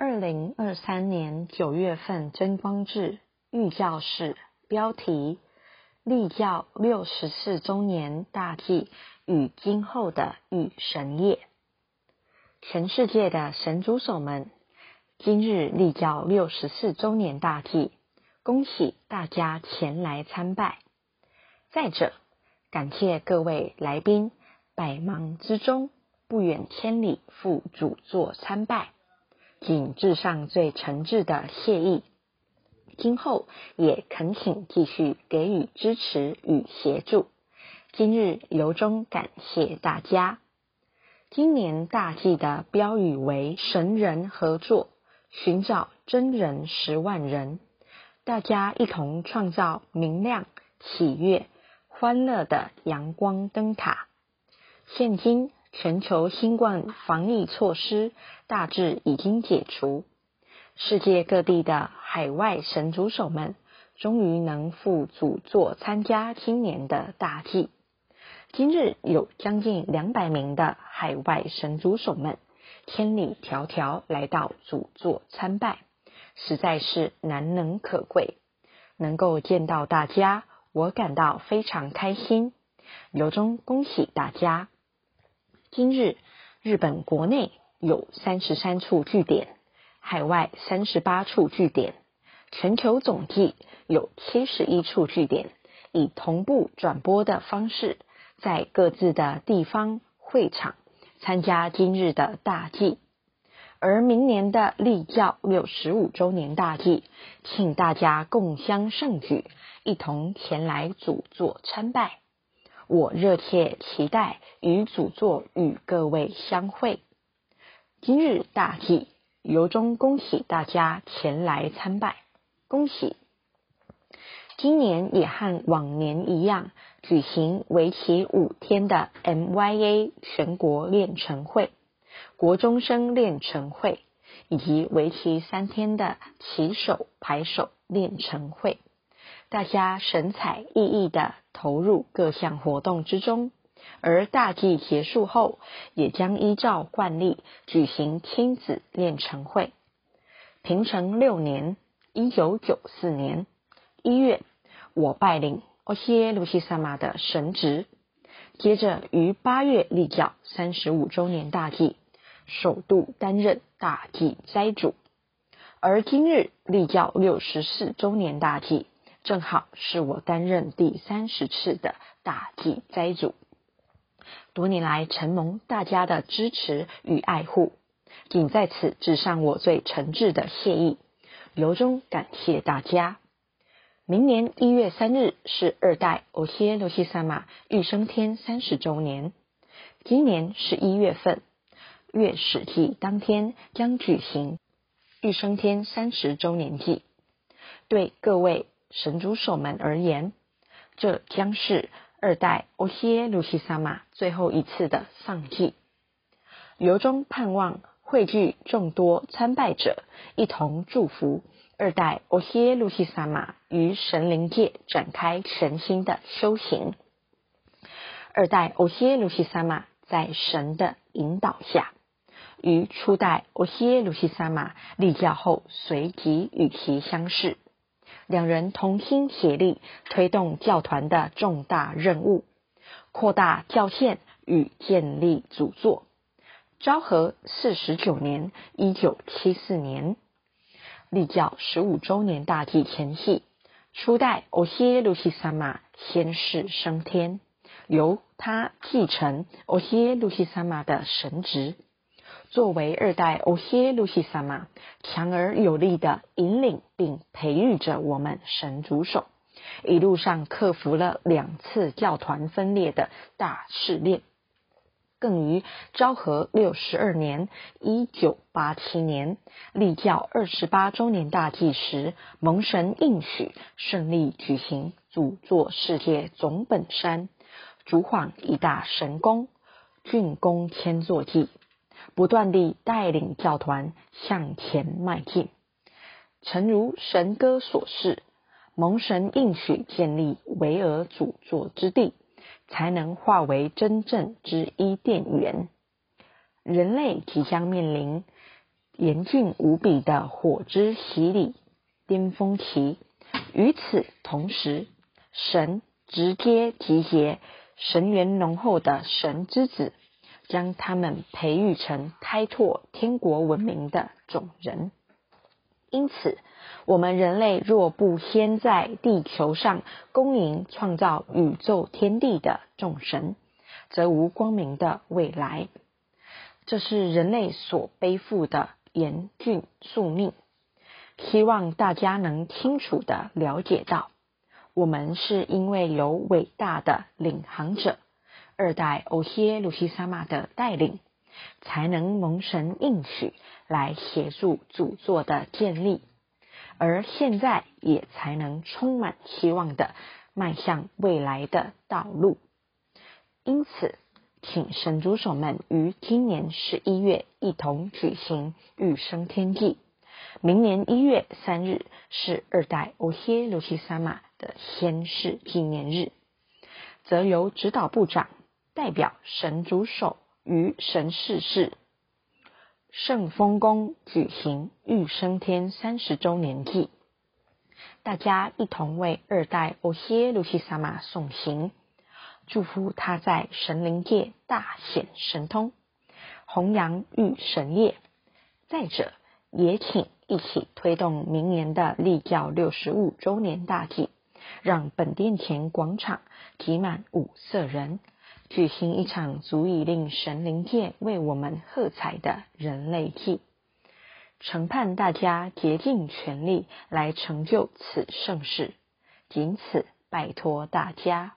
二零二三年九月份，真光誌御教示標題：立教六十四周年大祭與今後的御神業。全世界的神組手們，今日立教六十四周年大祭，恭喜大家前來參拜。再者，感謝各位來賓百忙之中不遠千里赴主座參拜。謹致上最誠摯的謝意，今後也懇請繼續給予支持與協助。今日由衷感謝大家。今年大祭的標語為“神人合作，尋找真人十萬人”，大家一同創造明亮、喜悅、歡樂的陽光燈塔。現今，全球新冠防疫措施大致已經解除，世界各地的海外神組手們終於能赴主座參加今年的大祭。今日有將近兩百名的海外神組手們千里迢迢來到主座參拜，實在是難能可貴。能夠見到大家，我感到非常開心，由衷恭喜大家。今日，日本國內有三十三處據點，海外三十八處據點，全球總計有七十一處據點，以同步轉播的方式，在各自的地方會場參加今日的大祭。而明年的立教六十五周年大祭，請大家共襄盛舉，一同前來主座參拜。我熱切期待與主座與各位相會。今日大喜，由衷恭喜大家前來參拜，恭喜！今年也和往年一樣，舉行為期五天的 MYA 全國練成會、國中生練成會，以及為期三天的旗手牌手練成會。大家神采奕奕地投入各項活動之中，而大祭結束後，也將依照慣例舉行親子練成會。平成六年 （1994 年）一月，我拜領奧西耶盧西薩馬的神職，接着於八月立教三十五周年大祭，首度擔任大祭齋主，而今日立教六十四周年大祭。正好是我擔任第三十次的大祭齋主，多年來承蒙大家的支持與愛護，謹在此致上我最誠摯的謝意，由衷感謝大家。明年一月三日是二代歐耶羅西薩馬御生天三十周年，今年十一月份月始祭當天將舉行御生天三十周年祭，對各位神組手們而言，這將是二代歐耶路西撒瑪最後一次的喪祭。由衷盼望匯聚眾多參拜者，一同祝福二代歐耶路西撒瑪於神靈界展開神心的修行。二代歐耶路西撒瑪在神的引導下，於初代歐耶路西撒瑪立教後，隨即與其相識。兩人同心協力，推動教團的重大任務，擴大教線與建立主座。昭和四十九年 （1974 年）立教十五周年大祭前夕，初代歐耶路西薩瑪仙逝升天，由他繼承歐耶路西薩瑪的神職。作為二代歐耶露西薩瑪，強而有力的引領並培育着我們神組手，一路上克服了兩次教團分裂的大試煉，更於昭和六十二年 （1987 年）立教二十八周年大祭時，蒙神應許順利舉行主座世界總本山主皇一大神功竣工千座祭。不斷地帶領教團向前邁進。誠如神歌所示，蒙神應許建立維爾主座之地，才能化為真正之伊甸園。人類即將面臨嚴峻無比的火之洗禮，巔峰期。與此同時，神直接提攜神緣濃厚的神之子。將他們培育成開拓天國文明的種人。因此，我們人類若不先在地球上恭迎創造宇宙天地的眾神，則無光明的未來。這是人類所背負的嚴峻宿命。希望大家能清楚的了解到，我們是因為有偉大的領航者二代歐耶魯西沙瑪的帶領，才能蒙神應許來協助主座的建立，而現在也才能充滿希望的邁向未來的道路。因此，請神組手們於今年十一月一同舉行御昇天祭。明年一月三日是二代歐耶魯西沙瑪的先世紀念日，則由指導部長。代表神組手於神世世聖豐宮舉行御升天三十周年祭，大家一同為二代歐耶露西薩瑪送行，祝福他在神靈界大顯神通，弘揚御神業。再者，也請一起推動明年的立教六十五周年大祭，讓本殿前廣場擠滿五色人。舉行一場足以令神靈界為我們喝彩的人類祭，承盼大家竭盡全力來成就此盛事，僅此拜託大家。